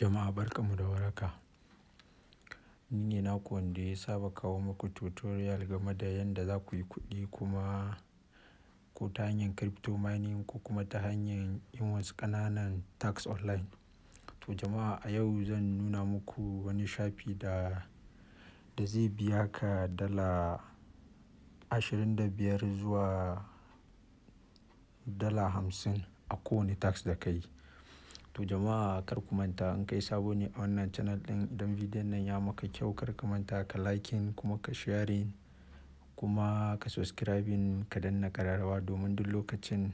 Jama'a barkanmu da waraka Ni ne naku wanda ya saba kawo muku tutorial game da yadda za ku yi kuɗi kuma ko ta hanyar crypto mining ko kuma ta hanyar yin wasu ƙananan tax online. To jama'a a yau zan nuna muku wani shafi da, da zai biya ka dala ashirin da biyar zuwa dala hamsin a kowane tax da ka yi. To jama'a kar ku manta in kai sabo ne a wannan channel ɗin idan bidiyon nan ya maka kyau kar ka manta ka likin kuma ka sharing kuma ka subscribing ka danna ƙararrawa domin duk lokacin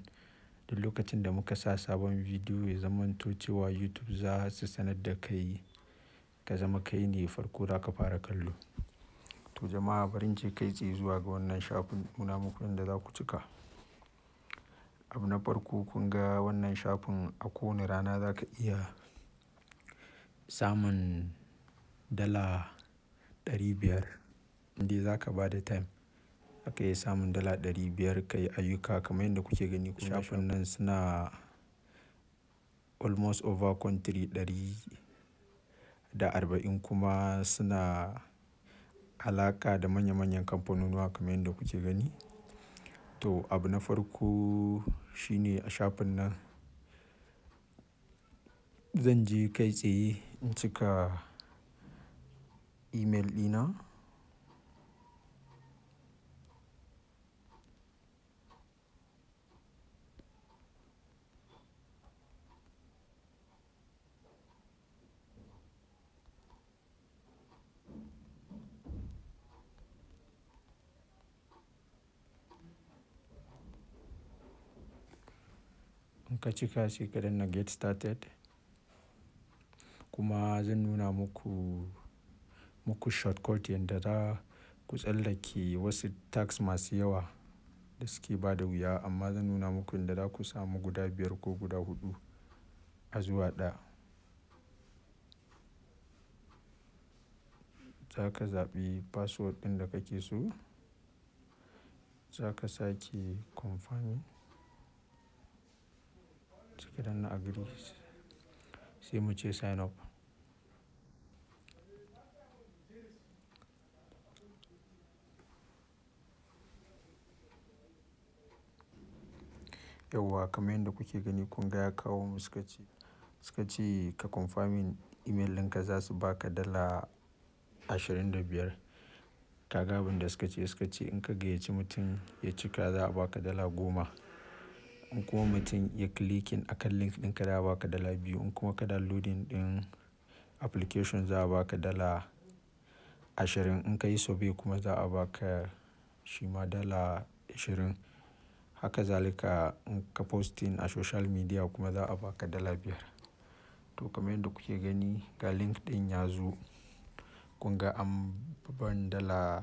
duk lokacin da muka sa sabon bidiyo ya zamanto cewa YouTube za su sanar da kai ka zama kai ne farko za ka fara kallo. To jama'a barin ce kai tsaye zuwa ga wannan shafin muna muku da za ku cika. Abu na farko kun ga wannan shafin a kowane rana za ka iya samun dala 500 biyar za ka ba da time. Zaka yi samun dala ɗari biyar ka yi ayyuka kamar yadda kuke gani. kuma Shafin nan suna almost over country ɗari da arba'in kuma suna alaƙa da manya manyan kamfanonuwa kamar yadda kuke gani. To, abu na farko shine a shafin nan zan je kai tsaye in cika email dina. In ka cika sai ka get started kuma zan nuna muku, muku shortcut yadda za ku tsallake wasu tax masu yawa da suke ba da wuya amma zan nuna muku yadda za ku samu guda biyar ko guda hudu a zuwa ɗaya. Za ka zaɓi password ɗin da kake so, za ka sake confirming. cike da na agree sai mu ce sign up. Yauwa kamar yadda kuke gani kun ga ya kawo mu suka ce, ce ka confirming email ɗinka za su baka dala ashirin da biyar. Ka abin da suka ce, suka ce in ka gayyaci mutum ya cika za a baka dala goma. In kuma mutum ya clicking akan link ɗinka za a baka dala biyu. In kuma ka downloading ɗin application za a baka dala ashirin. In ka yi survey kuma za a baka ma dala ashirin. Haka zalika in ka posting a social media kuma za a baka dala biyar. To kamar yadda kuke gani ga link ɗin ya zo. Kun ga an ban dala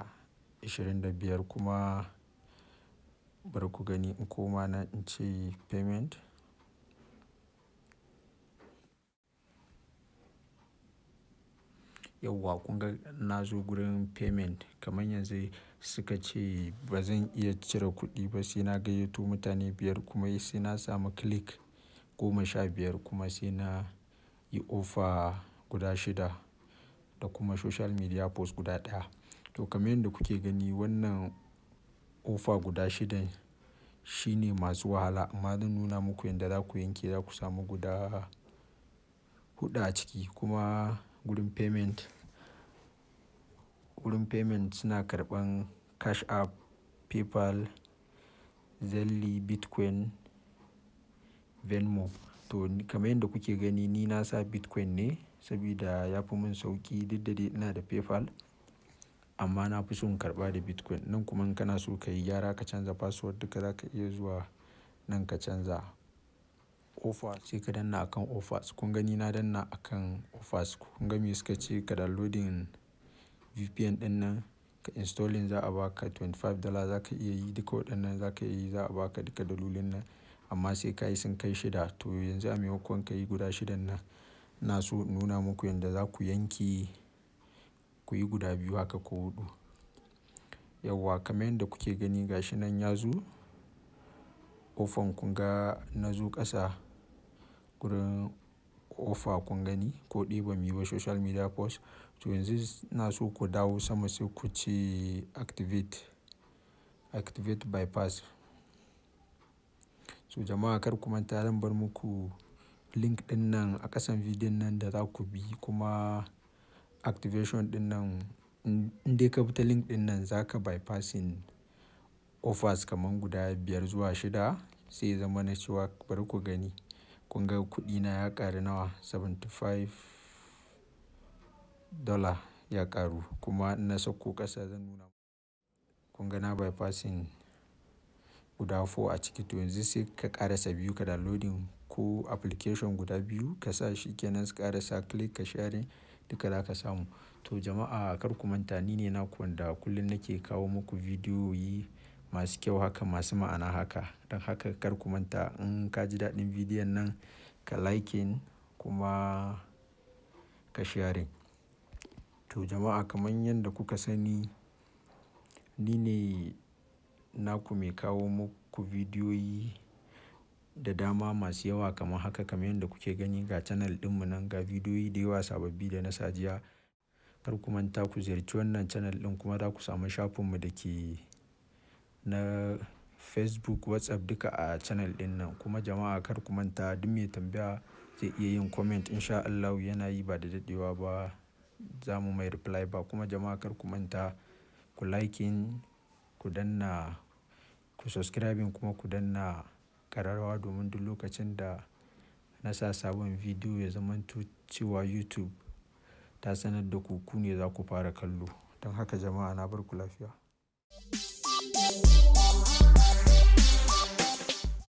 ashirin da biyar kuma. Bari ku gani in koma nan in ce payment. Yauwa kun ga na zo gurin payment kamar yanzu suka ce ba zan iya cire kuɗi ba sai na gayyato mutane biyar kuma sai na samu click goma sha biyar kuma sai na yi offer guda shida da kuma social media post guda ɗaya. To kamar yadda kuke gani wannan ƙofa guda shidan shine masu wahala amma zan nuna muku yadda za ku yanke za ku samu guda huɗu a ciki kuma gurin payment, gurin payment suna karɓan Cash App, PayPal, Zelle, Bitcoin, Venmo. To kamar yadda kuke gani ni na sa Bitcoin ne sabida ya fi mun sauƙi duk da dai ina da PayPal. amma na fi so in karɓa da Bitcoin. Nan kuma in kana so ka yi gyara ka canza password duka za ka iya zuwa nan ka canza. Offers sai ka danna akan offers. Kun gani na danna akan offers. Kun ga suka ce ka downloading VPN nan ka installing za a baka 25 five dollar za ka iya yi duka waɗannan za ka yi za a baka duka dalolin nan amma sai ka yi sun kai shida. To yanzu a maimakon ka yi guda shidan nan na so in nuna muku yadda za ku yanke. ku yi guda biyu haka ko huɗu. Yauwa kamar yadda kuke gani gashi nan ya zo. ofan kun ga na zo ƙasa gurin ofa kun gani ko ɗaya yi ba social media post. To yanzu na so ku dawo sama sai ku ce activate, activate bypass. So jama'a kar ku manta zan bar muku link ɗin nan a ƙasan bidiyon nan da za ku bi kuma. activation din nan in dai ka fita link ɗinnan nan za ka bypassing offers kaman guda biyar zuwa shida sai ya zama na cewa bari ku gani. Kun ga na ya karu nawa? $75 dollar ya ƙaru kuma na sauko ƙasa zan nuna Kun ga na bypassing guda 4 a ciki to yanzu sai ka ƙarasa biyu ka downloading ko application guda biyu ka sa shi kenan su ƙarasa click ka share. duka za ka samu. To jama'a kar ku manta ni ne naku wanda kullum nake kawo muku bidiyoyi masu kyau haka masu ma'ana haka. Don haka kar ku manta in ka ji daɗin bidiyon nan ka liking kuma ka share To jama'a kamar yadda kuka sani ni ne naku mai kawo muku bidiyoyi da dama masu yawa kamar haka kamar yadda kuke gani ga channel ɗinmu nan ga bidiyoyi da yawa sababbi da na sajiya kar ku manta ku ziyarci wannan channel ɗin kuma za ku samu shafinmu da ke na facebook whatsapp duka a channel ɗin nan kuma jama'a kar ku manta duk mai tambaya zai iya yin comment insha Allah yana yi ba da dadewa ba za mu mai reply ba kuma jama'a kar ku manta ku liking ku danna ku subscribing kuma ku danna kararrawa domin duk lokacin da na sa sabon bidiyo ya zamanto cewa YouTube ta sanar da ku ne za ku fara kallo. Don haka jama'a na barku lafiya.